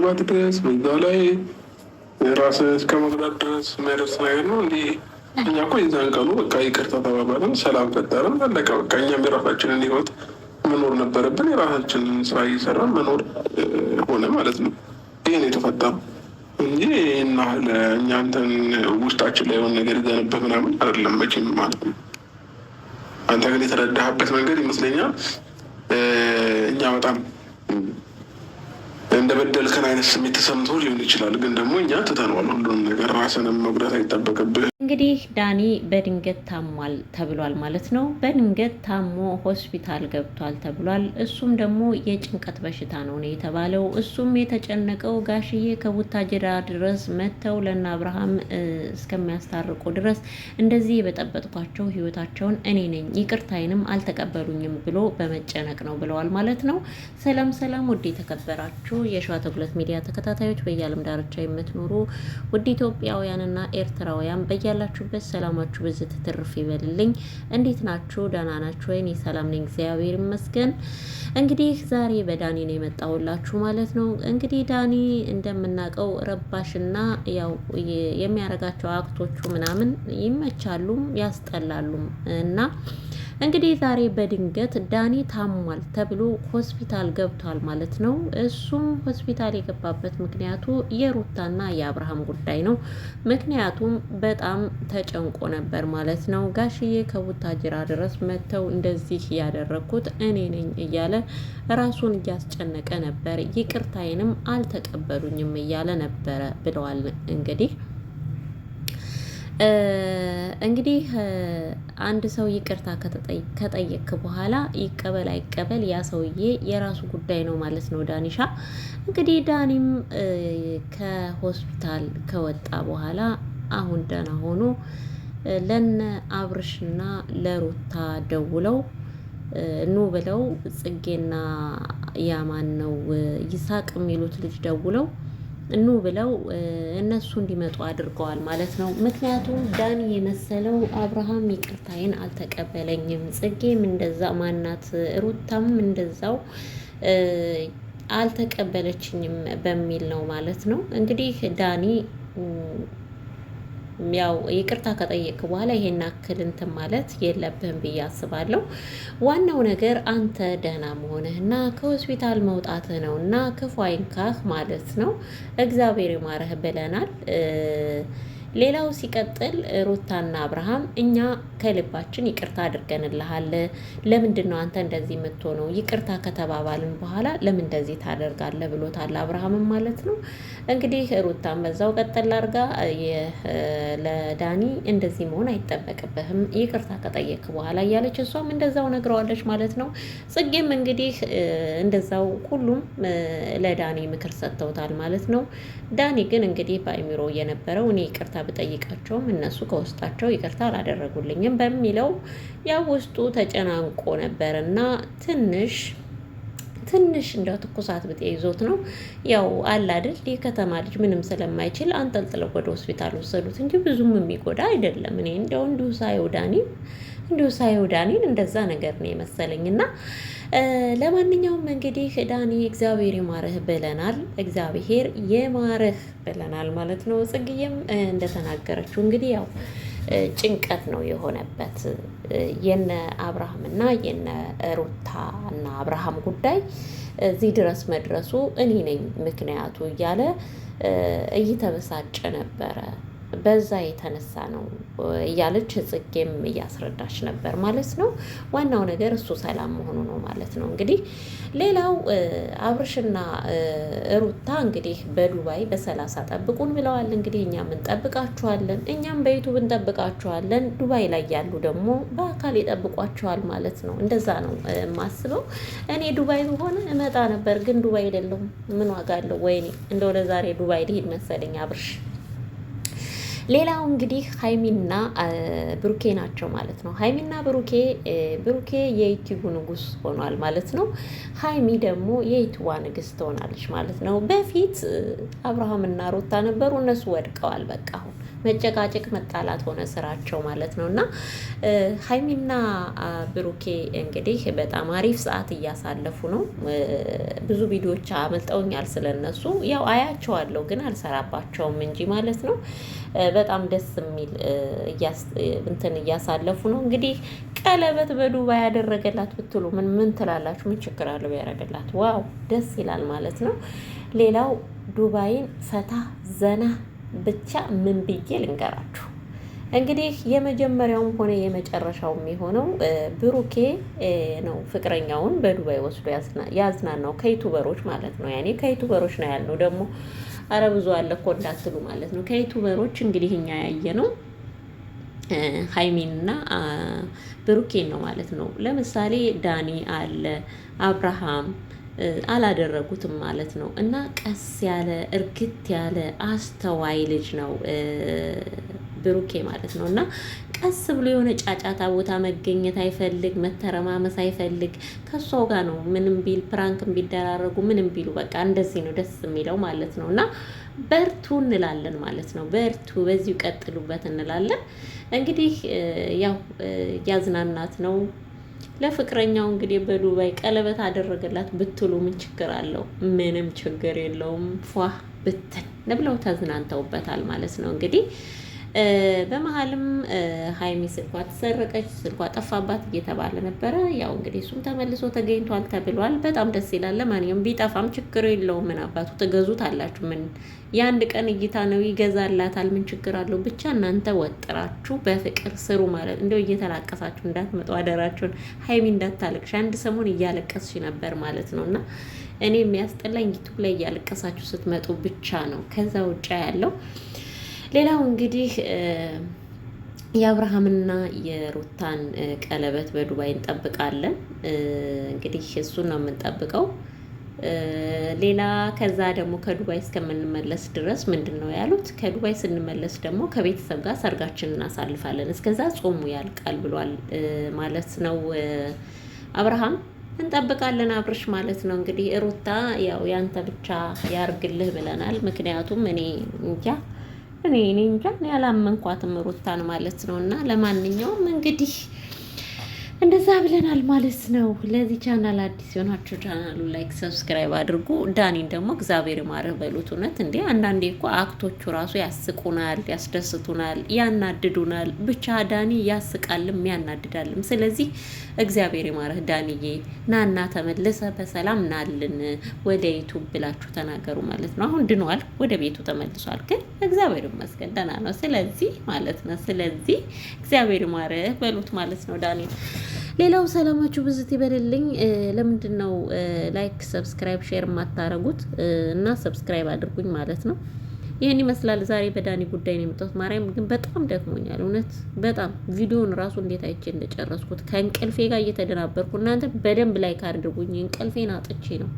መግባት ድረስ በዛ ላይ ራስ እስከ ድረስ የሚያደርስ ነገር ነው። እንዲ እኛ እኮ የዛን ቀኑ በቃ ይቅርታ ተባባልን፣ ሰላም ፈጠርን፣ አለቀ በቃ። እኛም የራሳችንን ህይወት መኖር ነበረብን። የራሳችንን ስራ እየሰራን መኖር ሆነ ማለት ነው። ይህን የተፈጠሩ እንጂ እና ለእኛንተን ውስጣችን ላይ የሆነ ነገር ይዘንበት ምናምን አይደለም መቼም ማለት ነው። አንተ ግን የተረዳህበት መንገድ ይመስለኛል እኛ በጣም እንደበደልከን አይነት ስሜት ተሰምቶ ሊሆን ይችላል። ግን ደግሞ እኛ ትተነዋል ሁሉንም ነገር። ራስንም መጉዳት አይጠበቅብህ እንግዲህ ዳኒ በድንገት ታሟል ተብሏል ማለት ነው። በድንገት ታሞ ሆስፒታል ገብቷል ተብሏል። እሱም ደግሞ የጭንቀት በሽታ ነው ነው የተባለው። እሱም የተጨነቀው ጋሽዬ ከቡታጅራ ድረስ መጥተው ለእነ አብርሃም እስከሚያስታርቁ ድረስ እንደዚህ የበጠበጥኳቸው ህይወታቸውን እኔ ነኝ፣ ይቅርታይንም አልተቀበሉኝም ብሎ በመጨነቅ ነው ብለዋል ማለት ነው። ሰላም ሰላም፣ ውድ የተከበራችሁ የሸዋ ተጉለት ሚዲያ ተከታታዮች በየዓለም ዳርቻ የምትኖሩ ውድ ኢትዮጵያውያንና ኤርትራውያን በያለ በያላችሁበት ሰላማችሁ በዝ ትትርፍ ይበልልኝ። እንዴት ናችሁ? ደህና ናችሁ ወይ? እኔ ሰላም ነኝ፣ እግዚአብሔር ይመስገን። እንግዲህ ዛሬ በዳኒ ነው የመጣሁላችሁ ማለት ነው። እንግዲህ ዳኒ እንደምናውቀው ረባሽና ያው የሚያረጋቸው አክቶቹ ምናምን ይመቻሉም ያስጠላሉም እና እንግዲህ ዛሬ በድንገት ዳኒ ታሟል ተብሎ ሆስፒታል ገብቷል ማለት ነው። እሱም ሆስፒታል የገባበት ምክንያቱ የሩታና የአብርሃም ጉዳይ ነው። ምክንያቱም በጣም ተጨንቆ ነበር ማለት ነው። ጋሽዬ ከቡታጅራ ድረስ መጥተው እንደዚህ ያደረግኩት እኔ ነኝ እያለ ራሱን እያስጨነቀ ነበር። ይቅርታዬንም አልተቀበሉኝም እያለ ነበረ ብለዋል እንግዲህ እንግዲህ አንድ ሰው ይቅርታ ከጠየክ በኋላ ይቀበል አይቀበል ያ ሰውዬ የራሱ ጉዳይ ነው ማለት ነው። ዳኒሻ እንግዲህ ዳኒም ከሆስፒታል ከወጣ በኋላ አሁን ደህና ሆኖ ለነ አብርሽና ለሩታ ደውለው ኑ ብለው ጽጌና ያማን ነው ይሳቅ የሚሉት ልጅ ደውለው ኑ ብለው እነሱ እንዲመጡ አድርገዋል ማለት ነው። ምክንያቱም ዳኒ የመሰለው አብርሃም ይቅርታዬን አልተቀበለኝም፣ ጽጌም እንደዛ ማናት፣ ሩታም እንደዛው አልተቀበለችኝም በሚል ነው ማለት ነው እንግዲህ ዳኒ ያው ይቅርታ ከጠየቅ በኋላ ይሄን አክል እንትን ማለት የለብህም ብዬ አስባለሁ። ዋናው ነገር አንተ ደህና መሆንህና ከሆስፒታል መውጣትህ ነው እና ክፉ አይንካህ ማለት ነው። እግዚአብሔር ይማረህ ብለናል። ሌላው ሲቀጥል ሩታና አብርሃም እኛ ከልባችን ይቅርታ አድርገንልሃል፣ ለምንድን ነው አንተ እንደዚህ የምትሆነው? ይቅርታ ከተባባልን በኋላ ለምን እንደዚህ ታደርጋለ? ብሎታል አብርሃምም ማለት ነው። እንግዲህ ሩታን በዛው ቀጠል አድርጋ ለዳኒ እንደዚህ መሆን አይጠበቅብህም፣ ይቅርታ ከጠየክ በኋላ እያለች እሷም እንደዛው ነግረዋለች ማለት ነው። ጽጌም እንግዲህ እንደዛው ሁሉም ለዳኒ ምክር ሰጥተውታል ማለት ነው። ዳኒ ግን እንግዲህ በአይምሮ የነበረው እኔ ይቅርታ ብጠይቃቸውም እነሱ ከውስጣቸው ይቅርታ አላደረጉልኝም በሚለው ያ ውስጡ ተጨናንቆ ነበር እና ትንሽ ትንሽ እንደው ትኩሳት ብጤ ይዞት ነው ያው አላድል የከተማ ልጅ ምንም ስለማይችል አንጠልጥለው ወደ ሆስፒታል ወሰዱት እንጂ ብዙም የሚጎዳ አይደለም። እኔ እንደው እንዲሁ ሳየው እንዲሁ ሳየው ዳኒን እንደዛ ነገር ነው የመሰለኝ። እና ለማንኛውም እንግዲህ ዳኒ እግዚአብሔር ይማርህ ብለናል። እግዚአብሔር ይማርህ ብለናል ማለት ነው። ጽግዬም እንደተናገረችው እንግዲህ ያው ጭንቀት ነው የሆነበት የነ አብርሃምና የነ ሩታ እና አብርሃም ጉዳይ እዚህ ድረስ መድረሱ እኔ ነኝ ምክንያቱ እያለ እየተበሳጨ ነበረ። በዛ የተነሳ ነው እያለች ጽጌም እያስረዳች ነበር ማለት ነው። ዋናው ነገር እሱ ሰላም መሆኑ ነው ማለት ነው። እንግዲህ ሌላው አብርሽና ሩታ እንግዲህ በዱባይ በሰላሳ ጠብቁን ብለዋል። እንግዲህ እኛም እንጠብቃችኋለን፣ እኛም በዩቱብ እንጠብቃችኋለን። ዱባይ ላይ ያሉ ደግሞ በአካል ይጠብቋችኋል ማለት ነው። እንደዛ ነው የማስበው። እኔ ዱባይ በሆነ እመጣ ነበር፣ ግን ዱባይ አይደለሁም። ምን ዋጋ አለው? ወይኔ እንደው ዛሬ ዱባይ ሊሄድ መሰለኝ አብርሽ ሌላው እንግዲህ ሀይሚና ብሩኬ ናቸው ማለት ነው። ሀይሚና ብሩኬ ብሩኬ የዩቲዩቡ ንጉስ ሆኗል ማለት ነው። ሀይሚ ደግሞ የዩቲዩቧ ንግስት ትሆናለች ማለት ነው። በፊት አብርሃምና ሮታ ነበሩ፣ እነሱ ወድቀዋል። በቃ አሁን መጨቃጨቅ፣ መጣላት ሆነ ስራቸው ማለት ነው እና ሀይሚና ብሩኬ እንግዲህ በጣም አሪፍ ሰዓት እያሳለፉ ነው። ብዙ ቪዲዮዎች አመልጠውኛል ስለነሱ ያው አያቸዋለሁ ግን አልሰራባቸውም እንጂ ማለት ነው። በጣም ደስ የሚል እንትን እያሳለፉ ነው። እንግዲህ ቀለበት በዱባይ ያደረገላት ብትሉ ምን ምን ትላላችሁ? ምን ችግር አለው ያደረገላት? ዋው ደስ ይላል ማለት ነው። ሌላው ዱባይን ፈታ ዘና ብቻ ምን ብዬ ልንገራችሁ። እንግዲህ የመጀመሪያውም ሆነ የመጨረሻው የሚሆነው ብሩኬ ነው ፍቅረኛውን በዱባይ ወስዶ ያዝናናው ከዩቱበሮች ማለት ነው። ያኔ ከዩቱበሮች ነው ያልነው። ደግሞ አረ ብዙ አለ እኮ እንዳትሉ ማለት ነው። ከዩቱበሮች እንግዲህ እኛ ያየ ነው ሀይሚንና ብሩኬን ነው ማለት ነው። ለምሳሌ ዳኒ አለ አብርሃም አላደረጉትም ማለት ነው። እና ቀስ ያለ እርግት ያለ አስተዋይ ልጅ ነው ብሩኬ ማለት ነው እና ቀስ ብሎ የሆነ ጫጫታ ቦታ መገኘት አይፈልግ፣ መተረማመስ አይፈልግ። ከሷው ጋር ነው ምንም ቢል ፕራንክ ቢደራረጉ ምንም ቢሉ በቃ እንደዚህ ነው ደስ የሚለው ማለት ነው እና በርቱ እንላለን ማለት ነው። በርቱ በዚሁ ቀጥሉበት እንላለን። እንግዲህ ያው ያዝናናት ነው ለፍቅረኛው እንግዲህ በዱባይ ቀለበት አደረገላት ብትሉ ምን ችግር አለው? ምንም ችግር የለውም። ፏ ብትን ብለው ተዝናንተውበታል ማለት ነው እንግዲህ በመሀልም ሀይሚ ስልኳ ተሰረቀች፣ ስልኳ ጠፋባት እየተባለ ነበረ። ያው እንግዲህ እሱም ተመልሶ ተገኝቷል ተብሏል። በጣም ደስ ይላል። ለማንኛውም ቢጠፋም ችግር የለውም። ምን አባቱ ትገዙት አላችሁ? ምን የአንድ ቀን እይታ ነው፣ ይገዛላታል። ምን ችግር አለው? ብቻ እናንተ ወጥራችሁ በፍቅር ስሩ ማለት እንደው እየተላቀሳችሁ እንዳትመጡ አደራችሁን። ሀይሚ እንዳታለቅሽ፣ አንድ ሰሞን እያለቀስሽ ነበር ማለት ነው እና እኔ የሚያስጠላኝ ዩቱብ ላይ እያለቀሳችሁ ስትመጡ ብቻ ነው። ከዛ ውጭ ያለው ሌላው እንግዲህ የአብርሃምና የሩታን ቀለበት በዱባይ እንጠብቃለን። እንግዲህ እሱን ነው የምንጠብቀው። ሌላ ከዛ ደግሞ ከዱባይ እስከምንመለስ ድረስ ምንድን ነው ያሉት? ከዱባይ ስንመለስ ደግሞ ከቤተሰብ ጋር ሰርጋችን እናሳልፋለን፣ እስከዛ ጾሙ ያልቃል ብሏል ማለት ነው አብርሃም። እንጠብቃለን አብርሽ ማለት ነው እንግዲህ። ሩታ ያው ያንተ ብቻ ያርግልህ ብለናል። ምክንያቱም እኔ እንጃ እኔ እኔ እንጃ ያላመንኳትም ሩታን ማለት ነው። እና ለማንኛውም እንግዲህ እንደዛ ብለናል ማለት ነው። ለዚህ ቻናል አዲስ የሆናችሁ ቻናሉ ላይክ፣ ሰብስክራይብ አድርጉ። ዳኒን ደግሞ እግዚአብሔር ማረህ በሉት። እውነት እንዴ አንዳንዴ እኮ አክቶቹ ራሱ ያስቁናል፣ ያስደስቱናል፣ ያናድዱናል። ብቻ ዳኒ ያስቃልም ያናድዳልም። ስለዚህ እግዚአብሔር ማረህ ዳኒዬ፣ ናና ተመልሰ በሰላም ናልን ወደ ዩቱብ ብላችሁ ተናገሩ ማለት ነው። አሁን ድኗል፣ ወደ ቤቱ ተመልሷል። ግን እግዚአብሔር ይመስገን ደህና ነው። ስለዚህ ማለት ነው ስለዚህ እግዚአብሔር ማረህ በሉት ማለት ነው ዳኒ ሌላው ሰላማችሁ ብዝት ይበልልኝ። ለምንድን ነው ላይክ፣ ሰብስክራይብ፣ ሼር የማታረጉት? እና ሰብስክራይብ አድርጉኝ ማለት ነው። ይህን ይመስላል ዛሬ በዳኒ ጉዳይ ነው የመጣሁት። ማርያም ግን በጣም ደክሞኛል፣ እውነት በጣም ቪዲዮን ራሱ እንዴት አይቼ እንደጨረስኩት ከእንቅልፌ ጋር እየተደናበርኩ። እናንተ በደንብ ላይክ አድርጉኝ፣ እንቅልፌን አጥቼ ነው